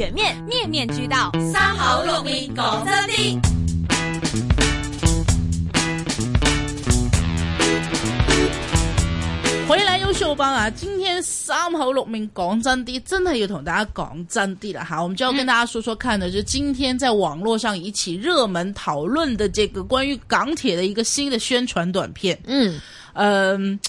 全面面面俱到，三口六面講真啲。回來優秀班啊！今天三口六面講真啲，真係要同大家講真啲了哈。我們就要跟大家說說看的，嗯、就是今天在網絡上引起熱門討論的這個關於港鐵的一個新的宣傳短片。嗯嗯、呃，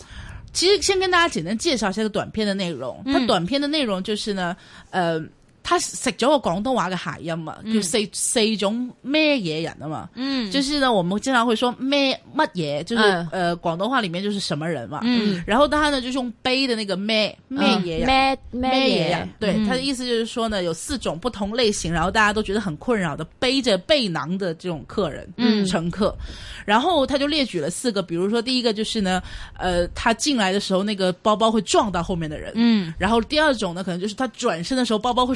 其實先跟大家簡單介紹一下個短片的內容。嗯、它短片的內容就是呢，呃。他食咗個廣東話嘅諧音嘛，就四四種咩嘢人啊嘛，嗯，就是呢，我們經常會說咩乜嘢，就是呃廣東話裏面就是什麼人嘛。嗯，然後他呢就用背的那個咩咩嘢，咩咩嘢，對，他的意思就是說呢，有四種不同類型，然後大家都覺得很困擾的背着背囊的這種客人乘客。然後他就列舉了四個，比如說第一個就是呢，呃，他進來的時候那個包包會撞到後面的人。嗯，然後第二種呢，可能就是他轉身的時候包包會。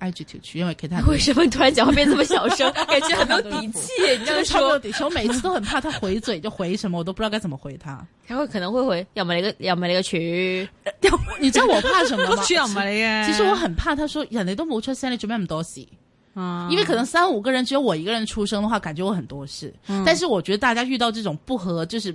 愛去就去，因為可他。為什麼你突然講話變這麼小聲？ 感覺很沒 底氣，你這樣說。我每次都很怕他回嘴，就回什麼，我都不知道該怎麼回他。他會可能會回要麼你個，要麼那個群。你知道我怕什麼嗎？ 其實，其實我很怕他說，人哋都冇出聲，你做咩咁多事啊？因為可能三五個人，只有我一個人出聲的話，感覺我很多事。嗯、但是我覺得大家遇到這種不合，就是。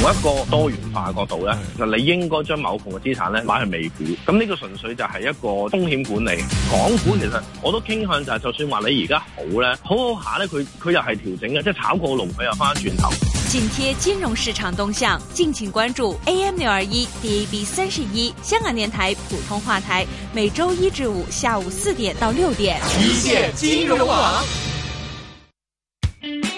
同一個多元化角度咧，就是、你應該將某部嘅資產咧買去美股。咁呢個純粹就係一個風險管理。港股其實我都傾向就係就算話你而家好咧，好好下咧，佢佢又係調整嘅，即、就、係、是、炒過龍佢又翻轉頭。緊貼金融市場動向，敬請關注 AM 六二一 DAB 三十一，香港電台普通話台，每周一至五下午四點到六點，一線金融網。嗯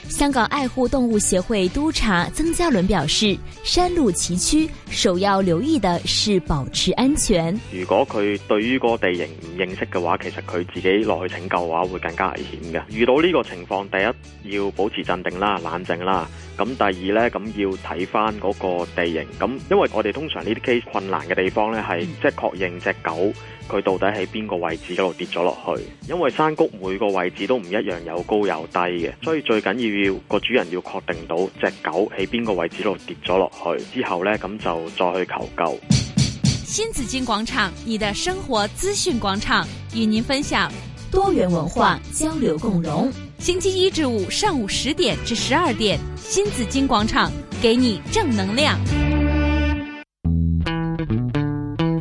香港愛護動物協會督察曾嘉倫表示：山路崎嶇，首要留意的是保持安全。如果佢對於個地形唔認識嘅話，其實佢自己落去拯救嘅話會更加危險嘅。遇到呢個情況，第一要保持鎮定啦、冷靜啦。咁、嗯、第二呢，咁、嗯、要睇翻嗰個地形。咁、嗯、因為我哋通常呢啲 case 困難嘅地方呢，係即係確認隻狗佢到底喺邊個位置一路跌咗落去。因為山谷每個位置都唔一樣，有高有低嘅，所以最緊要。要個主人要確定到隻狗喺邊個位置度跌咗落去，之後呢，咁就再去求救。新紫荊廣場，你的生活資訊廣場，與您分享多元文化交流共融。星期一至五上午十點至十二點，新紫荊廣場給你正能量。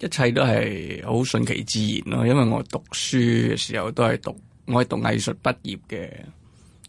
一切都係好順其自然咯，因為我讀書嘅時候都係讀，我係讀藝術畢業嘅，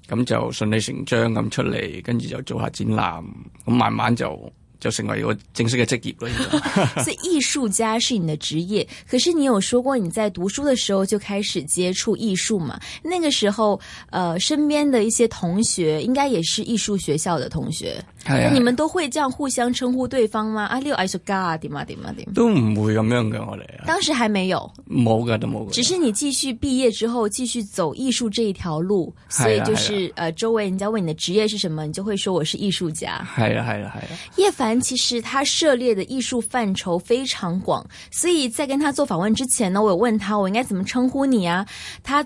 咁就順理成章咁出嚟，跟住就做下展覽，咁慢慢就就成為一個正式嘅職業咯。 所以藝術家是你的職業，可是你有說過你在讀書的時候就開始接觸藝術嘛？那個時候，呃，身邊的一些同學應該也是藝術學校的同學。啊、你們都會這樣互相稱呼對方嗎？六藝術家啊點啊點啊點”，都唔會咁樣嘅，我哋。當時還沒有，冇嘅，都冇嘅。只是你繼續畢業之後，繼續走藝術這一條路，啊、所以就是，是、啊、呃，周圍人家問你的職業是什麼，你就會說我是藝術家。係啊、係啊、係啊、葉凡其實他涉獵的藝術範疇非常廣，所以在跟他做訪問之前呢，我有問他我應該怎麼稱呼你啊？他。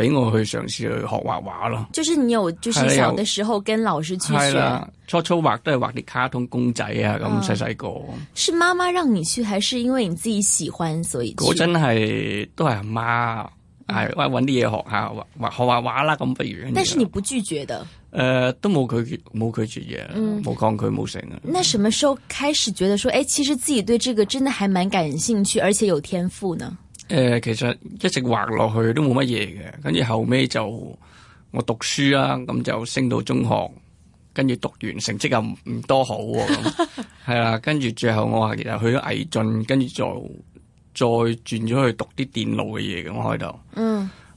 俾我去嘗試去學畫畫咯，就是你有，就是小嘅時候跟老師去學，初初畫都係畫啲卡通公仔啊，咁細細個。是媽媽讓你去，還是因為你自己喜歡所以？我真係都係阿媽，係搵啲嘢學下，畫學畫畫啦，咁不如。但是你不拒絕的，誒、呃，都冇拒絕，冇拒絕嘅，冇抗拒，冇成啊。那什麼時候開始覺得說，誒、欸，其實自己對這個真的還蠻感興趣，而且有天賦呢？誒，其實一直畫落去都冇乜嘢嘅，跟住後尾就我讀書啦，咁就升到中學，跟住讀完成績又唔多好，係啦，跟住 最後我話其實去咗藝進，跟住再再轉咗去讀啲電腦嘅嘢，咁我喺度。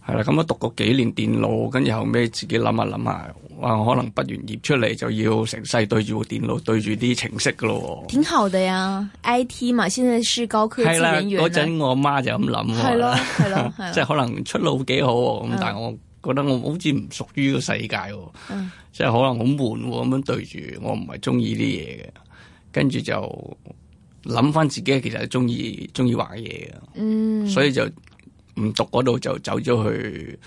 係啦，咁啊讀過幾年電腦，跟住後尾自己諗下諗下，話可能畢完業出嚟，就要成世對住部電腦，嗯、對住啲程式噶咯。挺好的呀，I T 嘛，現在是高科技人員。係啦，嗰陣我媽就咁諗。係咯係咯係咯，即係可能出路幾好，咁但係我覺得我好似唔屬於個世界，即係、嗯、可能好悶咁樣對住，我唔係中意啲嘢嘅，跟住就諗翻自己其實中意中意玩嘢嘅，嗯、所以就。唔讀嗰度就走咗去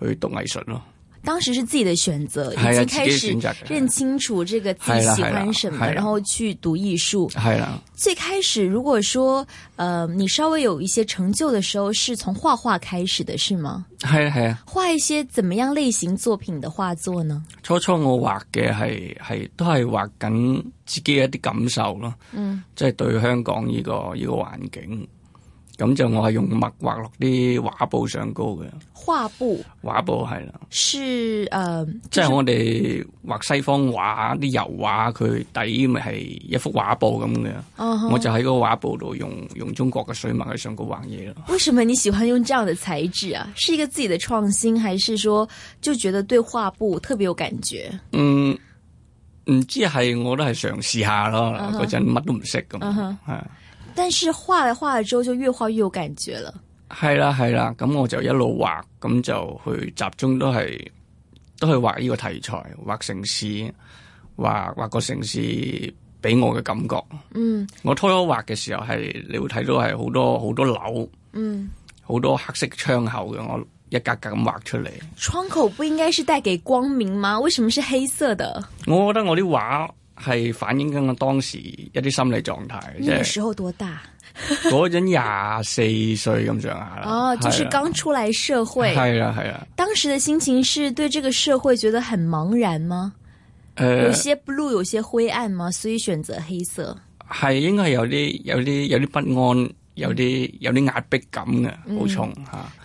去讀藝術咯。當時是自己的選擇，啊、已經開始認清楚這個、啊、自己喜歡什麼，啊、然後去讀藝術。係啦、啊。最開始如果說，呃，你稍微有一些成就的時候，是從畫畫開始的，是嗎？係啊，係啊。畫一些怎麼樣類型作品的畫作呢？初初我畫嘅係係都係畫緊自己嘅一啲感受咯，嗯，即係對香港呢、呢個呢、呢個環境。咁就我係用墨畫落啲畫布上高嘅畫布，畫布係啦，是誒，是呃就是、即係我哋畫西方畫啲油畫，佢底咪係一幅畫布咁嘅，uh huh. 我就喺個畫布度用用中國嘅水墨去上高畫嘢咯。為什麼你喜歡用這樣的材質啊？是一個自己的創新，還是說就覺得對畫布特別有感覺？嗯，唔知係我都係嘗試下咯，嗰陣乜都唔識咁但是畫嚟畫嚟之後就越畫越有感覺了。係啦係啦，咁我就一路畫，咁就去集中都係都係畫呢個題材，畫城市，畫畫個城市俾我嘅感覺。嗯，我初初畫嘅時候係你會睇到係好多好多樓，嗯，好多黑色窗口嘅，我一格格咁畫出嚟。窗口不應該是帶給光明嗎？為什麼是黑色的？我覺得我啲畫。係反映緊我當時一啲心理狀態。呢個時候多大？嗰陣廿四歲咁上下啦。 哦，就是剛出嚟社會。係啊係啊。啊啊當時的心情是對這個社會覺得很茫然嗎？誒、呃，有些 blue，有些灰暗嗎？所以選擇黑色。係應該有啲有啲有啲不安，有啲有啲壓迫感嘅，好重吓。嗯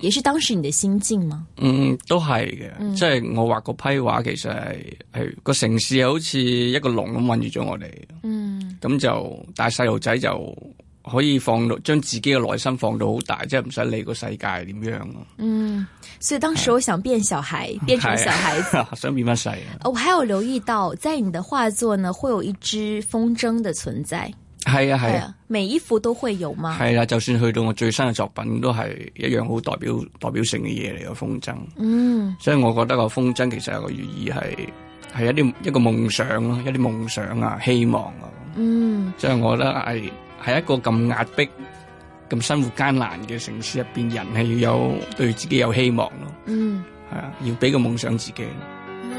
也是當時你的心境嗎？嗯，都係嘅，嗯、即係我畫嗰批畫，其實係係個城市好似一個籠咁困住咗我哋。嗯，咁就但係細路仔就可以放到將自己嘅內心放到好大，即係唔使理個世界係點樣咯、啊。嗯，所以當時我想變小孩，啊、變成小孩是、啊、 想變翻細、啊。我還有留意到，在你的畫作呢，會有一隻風箏的存在。係啊係啊，是啊，每一幅都會有嘛。係啦、啊，就算去到我最新嘅作品，都係一樣好代表代表性嘅嘢，嚟嘅風箏。嗯，所以我覺得個風箏其實個寓意係係一啲一個夢想咯，一啲夢想啊，希望啊。嗯，所以我覺得係係一個咁壓迫、咁生活艱難嘅城市入邊，人係要有、嗯、對自己有希望咯。嗯，係啊，要俾個夢想自己。嗯、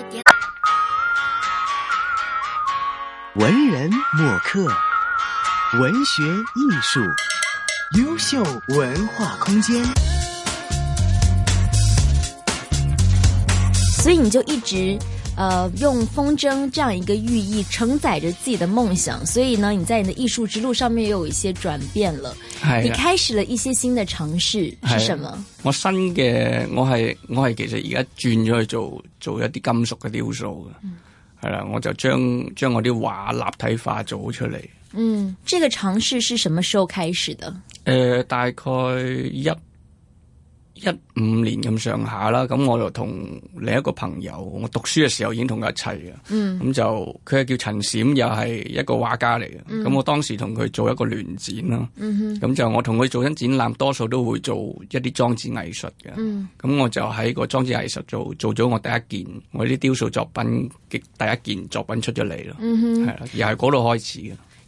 文人墨客。文學藝術，優秀文化空間。所以你就一直，呃，用風箏這樣一個寓意承載着自己的夢想。所以呢，你在你的藝術之路上面又有一些轉變了。是的，你開始了一些新的嘗試，試是什麼？是的，我新嘅，我係我係其實而家轉咗去做做一啲金屬嘅雕塑嘅，係啦、嗯，我就將將我啲畫立體化做出嚟。嗯，這個嘗試是什麼時候開始的？誒、呃，大概一一五年咁上下啦。咁我就同另一個朋友，我讀書嘅時候已經同佢一齊嘅。嗯，咁就佢係叫陳閃，又係一個畫家嚟嘅。咁、嗯、我當時同佢做一個聯展啦。嗯哼，咁就我同佢做緊展覽，多數都會做一啲裝置藝術嘅。嗯，咁我就喺個裝置藝術做做咗我第一件我啲雕塑作品嘅第一件作品出咗嚟咯。嗯哼，係啦，又係嗰度開始嘅。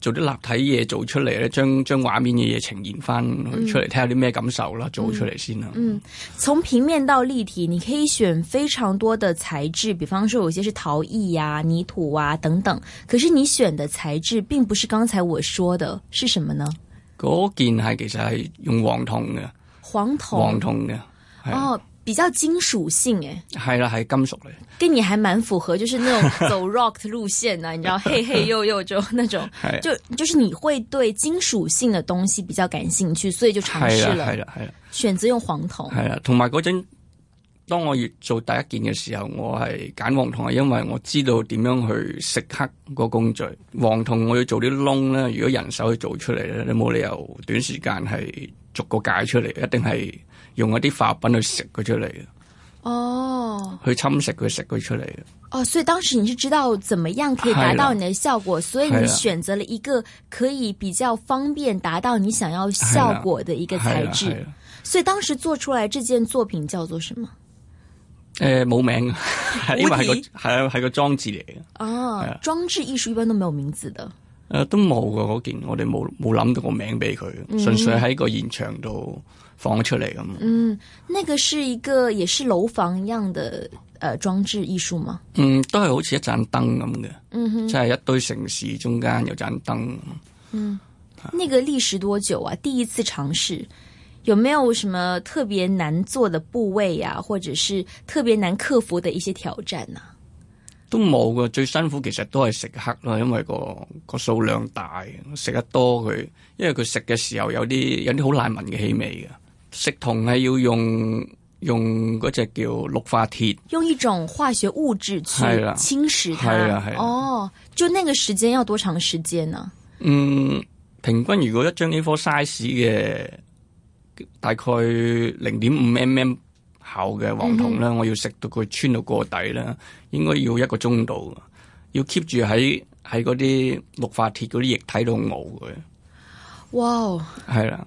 做啲立體嘢做出嚟咧，將將畫面嘅嘢呈現翻出嚟，聽下啲咩感受啦，做出嚟、嗯、先啦、嗯。嗯，從平面到立體，你可以選非常多的材質，比方說有些是陶藝呀、啊、泥土啊等等。可是你選的材質並不是剛才我說的，是什麼呢？嗰件係其實係用黃銅嘅，黃銅銅黃銅嘅哦。比較金屬性誒、欸，係啦、啊，係金屬嚟，嘅。跟你還蠻符合，就是那種走 rock 嘅路綫啊， 你知道嘿，嘿，黑又又就那種， 啊、就就是你會對金屬性嘅東西比較感興趣，所以就嘗試啦，係啦，係啦，選擇用黃銅，係啦、啊，同埋嗰陣。當我做第一件嘅時候，我係揀黃銅，係因爲我知道點樣去蝕刻個工序。黃銅我要做啲窿咧，如果人手去做出嚟咧，你冇理由短時間係逐個解出嚟，一定係。用一啲化品去食佢出嚟嘅，哦，去侵蝕佢食佢出嚟嘅。哦、啊，所以當時你是知道怎麼樣可以達到你的效果，的所以你選擇了一個可以比較方便達到你想要效果的一個材質。所以當時做出來這件作品叫做什麼？誒、呃，冇名因為係個係系體個裝置嚟嘅。哦、啊，的裝置藝術一般都沒有名字的。誒、呃，都冇嘅嗰件，我哋冇冇諗到個名俾佢，純粹喺個現場度。嗯放咗出嚟咁，嗯，那個是一個也是樓房一樣的，誒、呃，裝置藝術嗎？嗯，都係好似一盞燈咁嘅，嗯哼，即係一堆城市中間有盞燈。嗯，是那個歷時多久啊？第一次嘗試，有沒有什麼特別難做的部位啊？或者是特別難克服的一些挑戰啊？都冇㗎，最辛苦其實都係食客啦，因為個個數量大，食得多佢，因為佢食嘅時候有啲有啲好難聞嘅氣味嘅。食銅係要用用嗰隻叫氯化鐵，用一種化學物質去侵蝕佢。係啊係啊，哦，oh, 就呢個時間要多長時間呢？嗯，平均如果一張呢顆 size 嘅大概零點五 mm 厚嘅黃銅咧，mm hmm. 我要食到佢穿到過底啦，應該要一個鐘度，要 keep 住喺喺嗰啲氯化鐵嗰啲液體度熬佢。哇，係啦。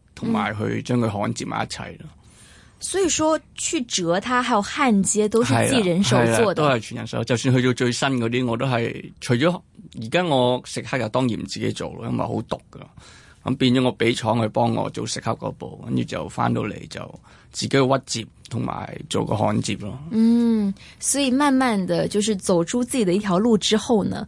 同埋去將佢焊接埋一齊咯、嗯。所以說去折它，還有焊接，都是自己人手做的，的的都係全人手。就算去到最新嗰啲，我都係除咗而家我食黑又當然唔自己做咯，因為好毒噶。咁、嗯、變咗我俾廠去幫我做食黑嗰部，跟住就翻到嚟就自己去屈接同埋做個焊接咯。嗯，所以慢慢嘅，就是走出自己嘅一條路之後呢？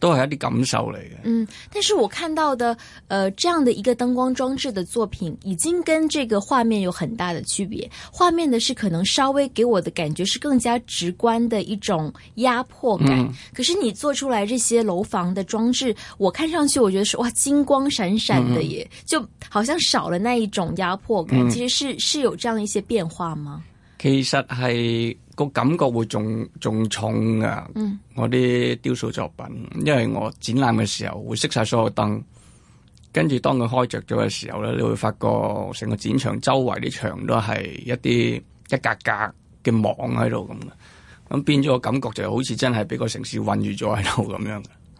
都係一啲感受嚟嘅。嗯，但是我看到的，呃，這樣的一個燈光裝置的作品，已經跟這個畫面有很大的區別。畫面的是可能稍微給我的感覺是更加直觀的一種壓迫感。嗯、可是你做出來這些樓房的裝置，我看上去我覺得是哇金光閃閃的，耶，嗯嗯就好像少了那一種壓迫感。嗯、其實是是有這樣一些變化嗎？其實係個感覺會仲仲重㗎，我啲雕塑作品，嗯、因為我展覽嘅時候會熄晒所有燈，跟住當佢開着咗嘅時候咧，你會發覺成個展場周圍啲牆都係一啲一格格嘅網喺度咁嘅，咁變咗個感覺就好似真係俾個城市困住咗喺度咁樣。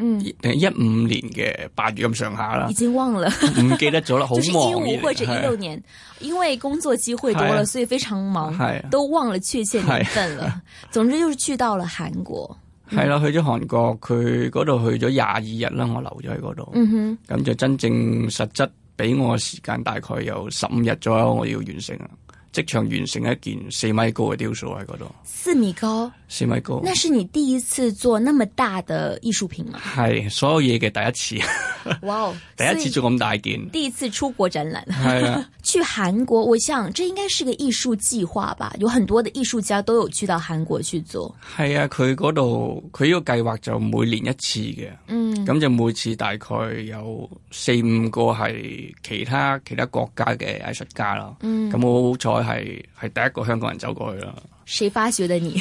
嗯，一五年嘅八月咁上下啦，已經忘了，唔記得咗啦，好忙。一五或者一六年， 因為工作機會多啦、啊、所以非常忙，係、啊、都忘了確切年份啦、啊、總之就是去到了韓國，係啦 嗯啊，去咗韓國，佢嗰度去咗廿二日啦，我留咗喺嗰度。嗯哼，咁就真正實質俾我嘅時間大概有十五日左右，我要完成啦。即場完成一件四米高嘅雕塑喺嗰度，四米高，四米高，那是你第一次做那麼大的藝術品嘛？係，所有嘢嘅第一次。哇、 wow,，第一次做咁大件，第一次出國展覽，係、啊、 去韓國。我想，這應該是個藝術計劃吧？有很多的藝術家都有去到韓國去做。係啊，佢嗰度佢呢個計劃就每年一次嘅，嗯，咁就每次大概有四五個係其他其他國家嘅藝術家啦，嗯，咁好彩。.係係第一個香港人走過去啦。誰發掘得你？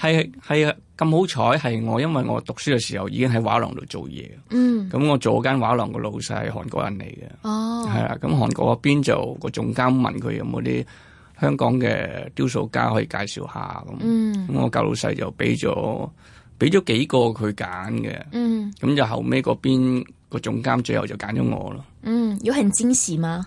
係係啊，咁好彩係我，因為我讀書嘅時候已經喺畫廊度做嘢。嗯，咁我做嗰間畫廊嘅老細係韓國人嚟嘅。哦，係啊，咁韓國嗰邊就個總監問佢有冇啲香港嘅雕塑家可以介紹下咁。嗯，咁我教老細就俾咗俾咗幾個佢揀嘅。嗯，咁就後尾嗰邊個總監最後就揀咗我咯。嗯，有很驚喜嗎？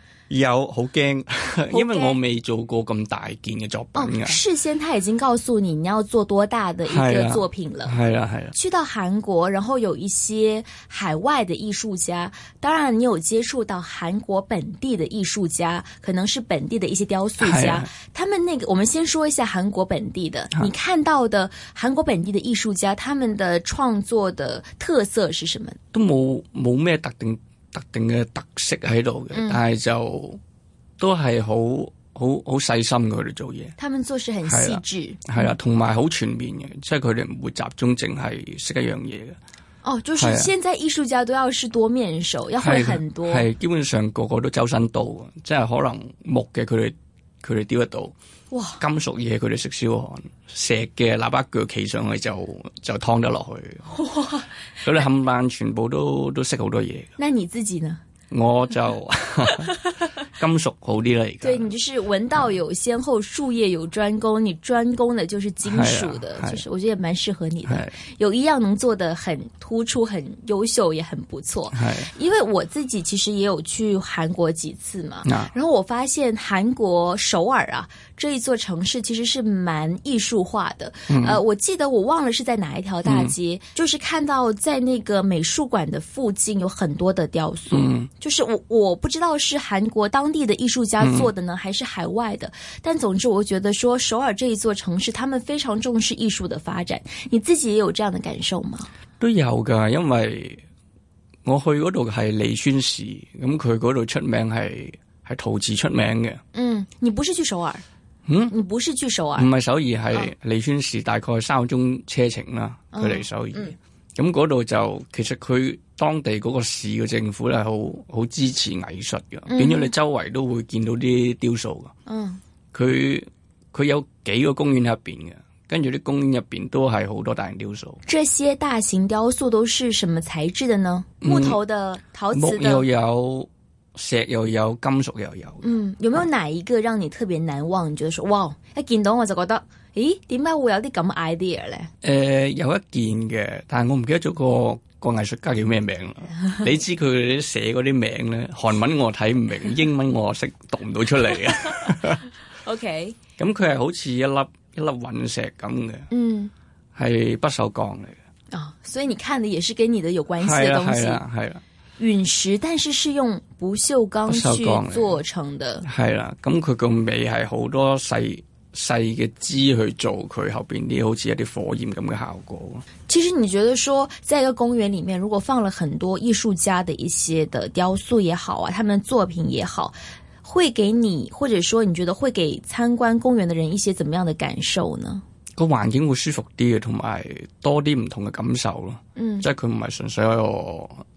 有好驚，因為我未做過咁大件嘅作品，啊 oh，事先，他已經告訴你你要做多大的一個作品了。係啊係啊係啊，去到韓國，然後有一些海外的藝術家，當然你有接觸到韓國本地的藝術家，可能是本地的一些雕塑家。啊、他們那個，我們先說一下韓國本地的。你看到的韓國本地的藝術家，他們的創作的特色是什麼？都冇冇咩特定。特定嘅特色喺度嘅，嗯、但係就都係好好好細心嘅佢哋做嘢。他們，他們做事很細緻，係啦、啊，同埋好全面嘅，即係佢哋唔會集中淨係識一樣嘢嘅。哦，就是現在藝術家都要是多面手，啊、要會很多，係基本上個個都周身刀，即係可能木嘅佢哋佢哋丟得到。哇！金屬嘢佢哋食燒寒石嘅喇叭腳企上去就就劏得落去。哇！佢哋冚唪唥全部都 都識好多嘢。那你自己呢？我就金屬好啲啦， 而對你就是聞道有先後，術業有專攻，你專攻的就是金屬的，是啊，就是我覺得也蠻適合你的，啊、有一樣能做的很突出，很優秀，也很不錯。啊、因為我自己其實也有去韓國幾次嘛，啊、然後我發現韓國首爾啊，這一座城市其實是蠻藝術化的。嗯、呃，我記得我忘了是在哪一條大街，嗯、就是看到在那個美術館的附近有很多的雕塑。嗯就是我，我不知道是韓國當地的藝術家做的呢，還是海外的。嗯，但總之，我覺得說首爾這一座城市，他們非常重視藝術的發展。你自己也有這樣的感受嗎？都有噶，因為我去嗰度係利川市，咁佢嗰度出名係係陶瓷出名嘅。嗯，你不是去首爾？嗯，你不是去首爾？唔係首爾，係利川市，oh. 大概三個鐘車程啦，佢嚟首爾。咁嗰度就其實佢。當地嗰個市嘅政府咧，好好支持藝術嘅，變咗、嗯、你周圍都會見到啲雕塑噶。嗯，佢佢有幾個公園入邊嘅，跟住啲公園入邊都係好多大型雕塑。這些大型雕塑都是什麼材質的呢？木頭的、嗯、陶瓷的，又有石，又有金屬，又有。石又有又有嗯，有沒有哪一個讓你特別難忘？嗯、你覺得說，哇，一見到我就覺得，咦，點解會有啲咁 idea 咧？誒、呃，有一件嘅，但係我唔記得咗個。嗯個藝術家叫咩名？ 你知佢寫嗰啲名咧，韓文我睇唔明， 英文我識讀唔到出嚟啊。 OK，咁佢係好似一粒一粒隕石咁嘅，嗯，係不銹鋼嚟嘅。哦，所以你看嘅，也是跟你的有關係嘅東西，係啦，啊，啊啊啊，隕石，但是是用不銹鋼，去不銹鋼去做成嘅。係啦，啊。咁佢個尾係好多細。細嘅枝去做佢，後邊啲好似一啲火焰咁嘅效果。其實你覺得說，在一個公園裡面，如果放了很多藝術家的一些的雕塑也好啊，他們作品也好，會給你，或者說你覺得會給參觀公園的人一些怎麼樣的感受呢？個環境會舒服啲嘅，同埋多啲唔同嘅感受咯。嗯，即係佢唔係純粹喺個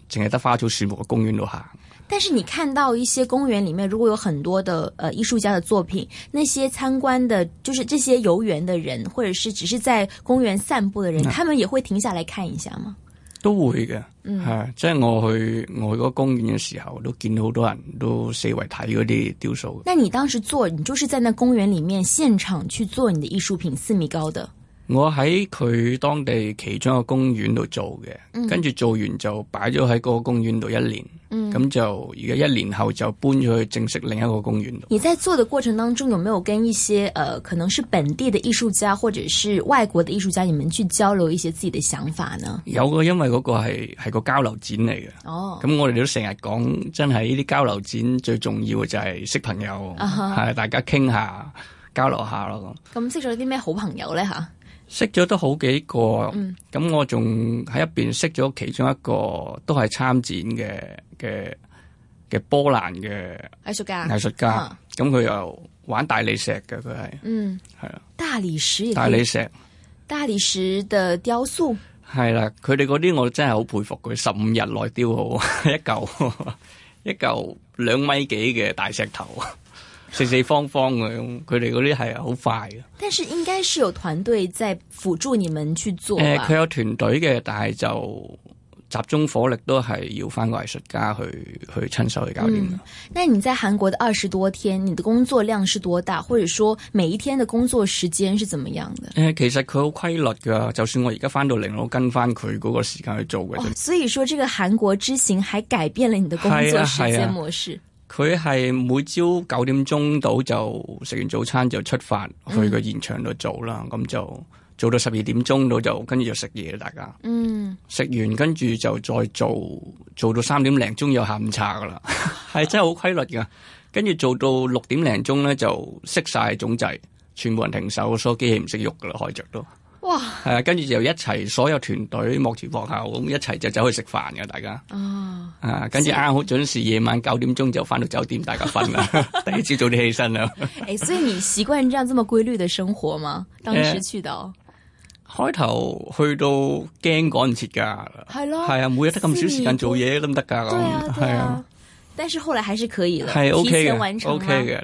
淨係得花草樹木嘅公園度行。但是你看到一些公園裏面，如果有很多的，呃，藝術家的作品，那些參觀的，就是這些遊園的人，或者是只是在公園散步的人，嗯、他們也會停下來看一下嗎？都會嘅，係即係我去我去個公園嘅時候，都見到好多人都四圍睇嗰啲雕塑。那你當時做，你就是在那公園裏面現場去做你的藝術品，四米高的。我喺佢當地其中一個公園度做嘅，嗯、跟住做完就擺咗喺嗰個公園度一年。咁、嗯、就而家一年後就搬咗去正式另一個公園度。你在做的過程當中，有沒有跟一些，誒、呃，可能是本地的藝術家，或者是外國的藝術家，你們去交流一些自己的想法呢？有噶，因為嗰個係係個交流展嚟嘅。哦，咁我哋都成日講，真係呢啲交流展最重要嘅就係識朋友，係、啊、哈大家傾下交流下咯。咁咁識咗啲咩好朋友咧？吓？識咗都好幾個，嗯，咁我仲喺一邊識咗其中一個，都係參展嘅嘅嘅波蘭嘅藝術家。藝術家，咁佢又玩大理石嘅，佢係，嗯，係啊，大理石，大理石，大理石，大理石嘅雕塑，係啦，佢哋嗰啲我真係好佩服佢，十五日內雕好一嚿一嚿兩米幾嘅大石頭。四四方方嘅，佢哋嗰啲係好快嘅。但是應該是有團隊在輔助你們去做、啊。誒、嗯，佢、呃、有團隊嘅，但係就集中火力都係要翻個藝術家去去親手去搞掂、嗯。那你在韓國的二十多天，你的工作量是多大，或者說每一天的工作時間是怎麼樣的？誒、呃，其實佢好規律噶，就算我而家翻到嚟，我跟翻佢嗰個時間去做嘅、哦。所以說這個韓國之行還改變了你的工作時間模式。佢係每朝九點鐘到就食完早餐就出發、嗯、去個現場度做啦，咁就做到十二點鐘到就跟住就食嘢，大家。嗯，食完跟住就再做，做到三點零鐘有下午茶噶啦，係、嗯、 真係好規律噶。跟住做到六點零鐘咧就熄晒總掣，全部人停手，所有機器唔識喐噶啦，開着都。哇！係啊，跟住就一齊，所有團隊幕前幕後咁一齊就走去食飯嘅，大家、哦、啊，跟住啱好準時，夜晚九點鐘就翻到酒店，大家瞓啦， 第一朝早啲起身啦。誒、哎，所以你習慣這樣這麼規律的生活嗎？當時去到開頭去到驚趕唔切噶，係咯，係啊，每日得咁少時間做嘢都唔得噶，係啊，但是後來還是可以嘅，是提前完成啦、啊。Okay 嘅 okay 嘅。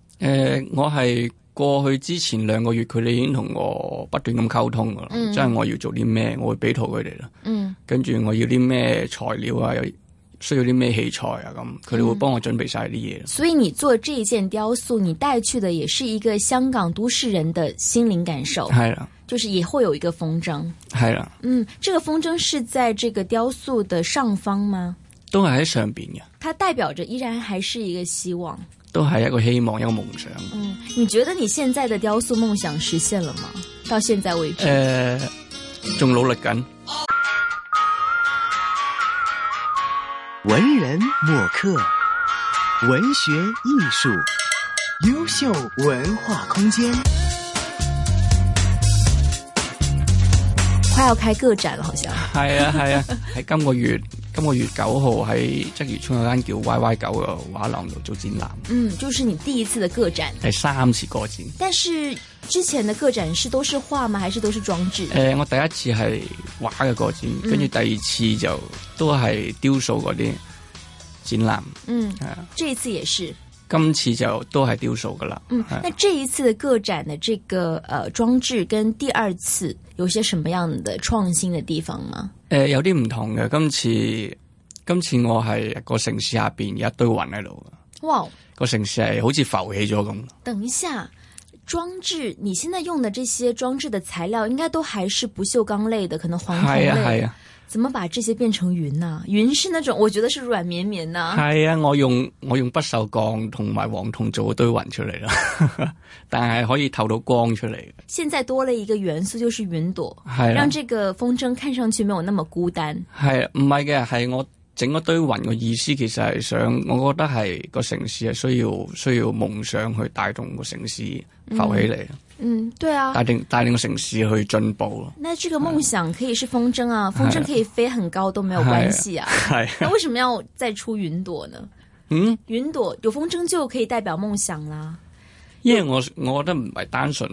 誒、呃，我係過去之前兩個月，佢哋已經同我不斷咁溝通噶啦，嗯、即係我要做啲咩，我會俾圖佢哋啦。嗯，跟住我要啲咩材料啊，有需要啲咩器材啊，咁佢哋會幫我準備晒啲嘢。所以你做這一件雕塑，你帶去的也是一個香港都市人的心靈感受。係啦，嗯，就是也會有一個風箏。係啦，嗯，這個風箏是在這個雕塑的上方嗎？都係喺上邊嘅。它代表着依然還是一個希望。都係一個希望，一個夢想。嗯，你覺得你現在的雕塑夢想實現了嗎？到現在為止，呃，仲努力緊。文人墨客，文學藝術，優秀文化空間，快要開個展了，好像。係啊，係啊，喺今 個月。今個月九號喺鰂魚涌嗰間叫 Y Y 九嘅畫廊度做展覽，嗯，就是你第一次嘅個展，係三次個展，但是之前的個展是都是畫嗎？還是都是裝置？誒、呃，我第一次係畫嘅個展，跟住、嗯、第二次就都係雕塑嗰啲展覽，嗯，啊，這次也是。今次就都係雕塑噶啦。嗯，是那這一次的個展的這個，呃，裝置跟第二次有些什麼樣的創新的地方嗎？誒、呃，有啲唔同嘅。今次，今次我係個城市下邊有一堆雲喺度。哇 Wow，個城市係好似浮起咗咁。等一下，裝置，你現在用的這些裝置的材料應該都還是不鏽鋼類的，可能黃銅類。是啊，是啊。怎麼把這些變成雲呢、啊？雲是那種我覺得是軟綿綿呢、啊。係啊，我用我用不鏽鋼同埋黃銅做堆雲出嚟啦， 但係可以透到光出嚟。現在多了一個元素就是雲朵，啊、讓這個風箏看上去沒有那麼孤單。係，唔係嘅，係我。整個堆雲嘅意思，其實係想，我覺得係、個城市係需要需要夢想去帶動個城市浮起嚟、嗯。嗯，對啊，帶動帶動個城市去進步咯。那這個夢想可以是風箏啊，啊風箏可以飛很高都沒有關係啊。係、啊，啊、那為什麼要再出雲朵呢？嗯，雲朵有風箏就可以代表夢想啦。因為我我覺得唔係單純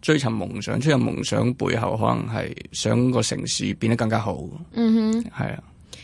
追尋夢想，追尋夢想背後可能係想個城市變得更加好。嗯哼，係啊。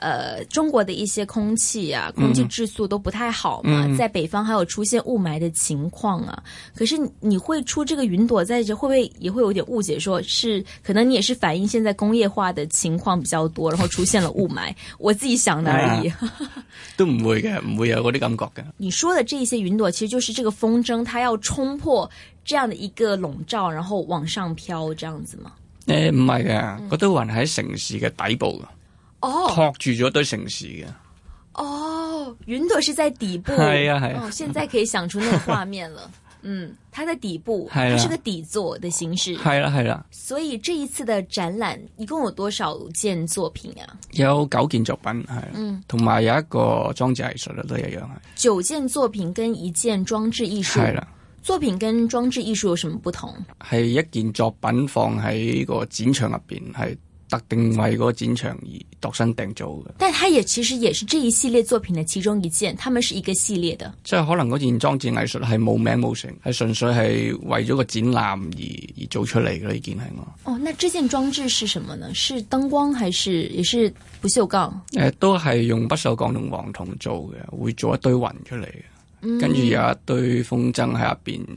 呃，中國的一些空氣啊，空氣質素都不太好嘛，嗯、在北方還有出現霧霾的情況啊。可是你會出這個雲朵在這，會不會也會有點誤解，說是可能你也是反映現在工業化的情況比較多，然後出現了霧霾， 我自己想的而已、哎。都唔會嘅，唔會有嗰啲感覺嘅。你說的這些雲朵，其實就是這個風箏，它要衝破這樣的一個籠罩，然後往上飄這樣子嗎？誒，唔係嘅，嗰堆雲喺城市嘅底部。哦，oh, 托住咗堆城市嘅，哦，雲朵是在底部，係 啊係、啊啊、哦，現在可以想出那個畫面了， 嗯，它在底部，係它是個底座的形式，係啦係啦，啊啊、所以這一次的展覽一共有多少件作品啊？有九件作品係，嗯、啊，同埋有一個裝置藝術都一樣係，九件作品跟一件裝置藝術係啦，啊、作品跟裝置藝術有什麼不同？係一件作品放喺個展場入邊係。特定為個展場而度身訂造嘅，但係它也其實也是這一系列作品嘅其中一件，佢們是一個系列嘅。即係可能嗰件裝置藝術係冇名冇姓，係純粹係為咗個展覽而而做出嚟嘅，呢件係嘛？哦，那這件裝置是什麼呢？是燈光，還是也是不鏽鋼？誒、嗯呃，都係用不鏽鋼同黃銅做嘅，會做一堆雲出嚟嘅，跟住有一堆風箏喺入邊。嗯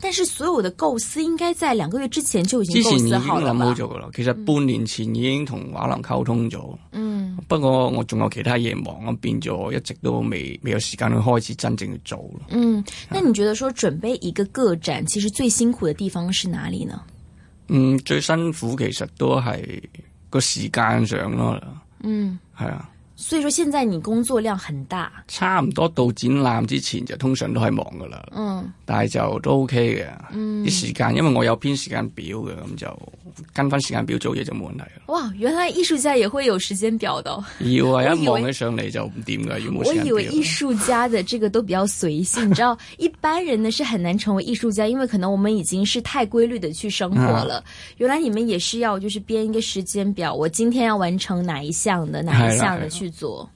但是所有的構思應該在兩個月之前就已經構思好啦。好嗯，其實半年前已經同畫廊溝通咗。嗯，不過我仲有其他嘢忙，咁變咗一直都未未有時間去開始真正去做咯。嗯，那是你覺得說準備一個個展，其實最辛苦的地方是哪裏呢？嗯，最辛苦其實都係個時間上咯。嗯，係啊。所以說現在你工作量很大，差不多到展覽之前就通常都係忙㗎喇。嗯，但係就都 OK 嘅。嗯，啲時間因為我有編時間表嘅，咁就跟翻時間表做嘢就冇問題了哇。原來藝術家也會有時間表嘅，要係、啊、一忙起上嚟就不點噶。我以，我以為藝術家的這個都比較隨性， 你知道一般人呢是很難成為藝術家，因為可能我們已經是太規律地去生活了。啊、原來你們也是要就是編一個時間表，我今天要完成哪一項的，哪一項的去的。去做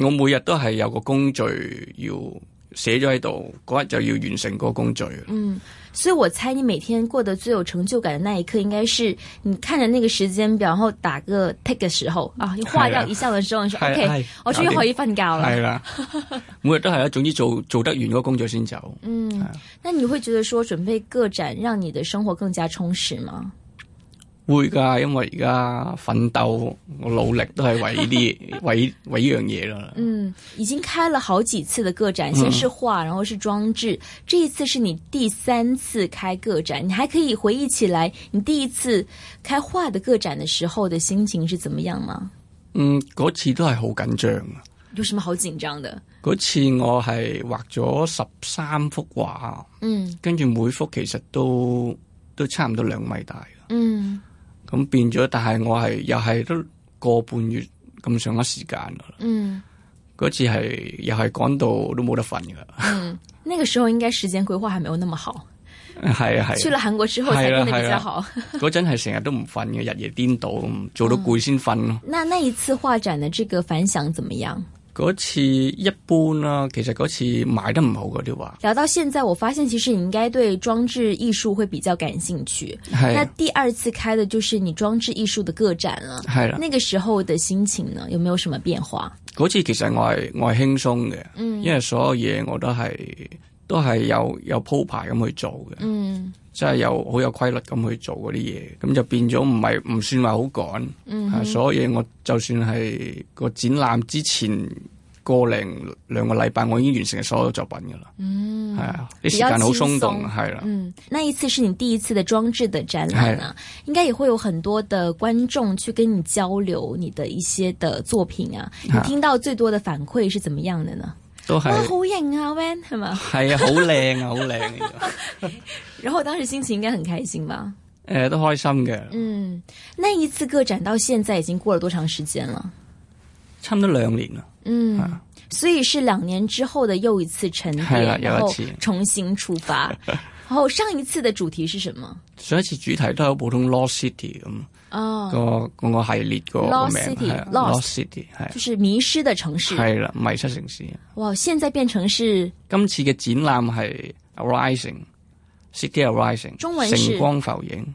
我每日都係有個工序要寫咗喺度，嗰日就要完成嗰工序。嗯，所以我猜你每天過得最有成就感嘅那一刻，應該是你看着那個時間表，然後打個 tick 嘅時候啊，你劃掉一項嘅時候，你說 OK，我終於可以瞓覺啦。係啦了， 每日都係啦，總之做做得完嗰工作先走。嗯，了那你會覺得說準備個展，讓你的生活更加充實嗎？會噶，因為而家奮鬥，我努力都係為呢啲， 為為呢樣嘢咯。嗯，已經開了好幾次的個展，先是畫，然後是裝置，嗯，這一次是你第三次開個展，你還可以回憶起來你第一次開畫的個展的時候的心情是怎麼樣嗎？嗯，嗰次都係好緊張啊！有什麼好緊張的？嗰次我係畫咗十三幅畫，嗯，跟住每幅其實都都差唔多兩米大，嗯。咁變咗，但係我係又係都個半月咁上下時間啦。嗯，嗰次係又係講到都冇得瞓噶。嗯，那個時候應該時間規劃還沒有那麼好。係 啊係。啊去了韓國之後才覺得比較好，係啦係啦。嗰陣係成日都唔瞓嘅，日夜顛倒，做到攰先瞓咯。那那一次畫展的這個反響怎麼樣？嗰次一般啦，啊，其實嗰次買得唔好嗰啲畫。聊到現在，我發現其實你應該對裝置藝術會比較感興趣。係，啊，那第二次開的就是你裝置藝術的個展啦，啊。係啦，啊，那個時候的心情呢，有沒有什麼變化？嗰次其實我係我係輕鬆嘅，嗯，因為所有嘢我都係。都係有有鋪排咁去做嘅，即係、嗯、有好有規律咁去做嗰啲嘢，咁就變咗唔係唔算話好趕。嗯哼、啊，所有嘢我就算係個展覽之前個零兩個禮拜，我已經完成所有作品噶啦。嗯，係啊，時間好鬆動，係啦。的嗯，那一次是你第一次的裝置的展覽啊，的應該也會有很多的觀眾去跟你交流你的一些的作品啊。的你聽到最多的反饋是怎麼樣的呢？都係好型啊，Van 係嘛？係啊，好靚吧啊，好靚，啊！ 啊、 然後當時心情應該很開心吧？誒、呃，都開心嘅。嗯，那一次個展到現在已經過了多長時間了？差唔多兩年了。嗯、啊、所以是兩年之後的又一次沉澱，又一次重新出發。然後 上一次的主題是什麼？上一次主題都係普通 Lost City 咁。哦，個個系列個名係，Lost City 係，Lost, City, 就是迷失的城市。係啦，迷失城市。哇，現在變成是今次嘅展覽係 Arising City Arising，中文是城光浮影。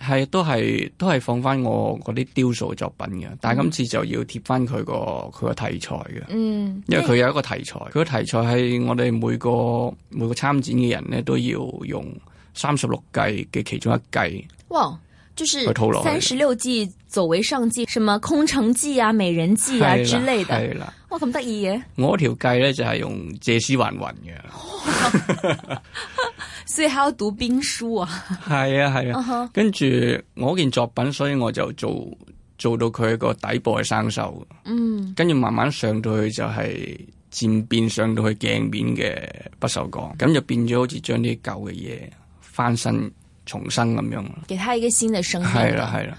係都係都係放翻我嗰啲雕塑作品嘅，但係今次就要貼翻佢個佢個題材嘅，嗯、因為佢有一個題材，佢個、嗯、題材係我哋每個每個參展嘅人呢都要用三十六計嘅其中一計。哇，就係三十六計走為上計，什麼空城計啊、美人計啊啦之類嘅。係啦，哇咁得意嘅。啊、我條計咧就係、是、用借屍還魂嘅。 所以要讀兵書啊！係啊係啊，是啊 uh huh. 跟住，我件作品，所以我就做做到佢一個底部係生鏽，嗯，跟住慢慢上到去就係漸變上到去鏡面嘅不鏽鋼，咁、嗯、就變咗好似將啲舊嘅嘢翻新，重新重生咁樣，給他一個新嘅生命。係啦係啦。是啊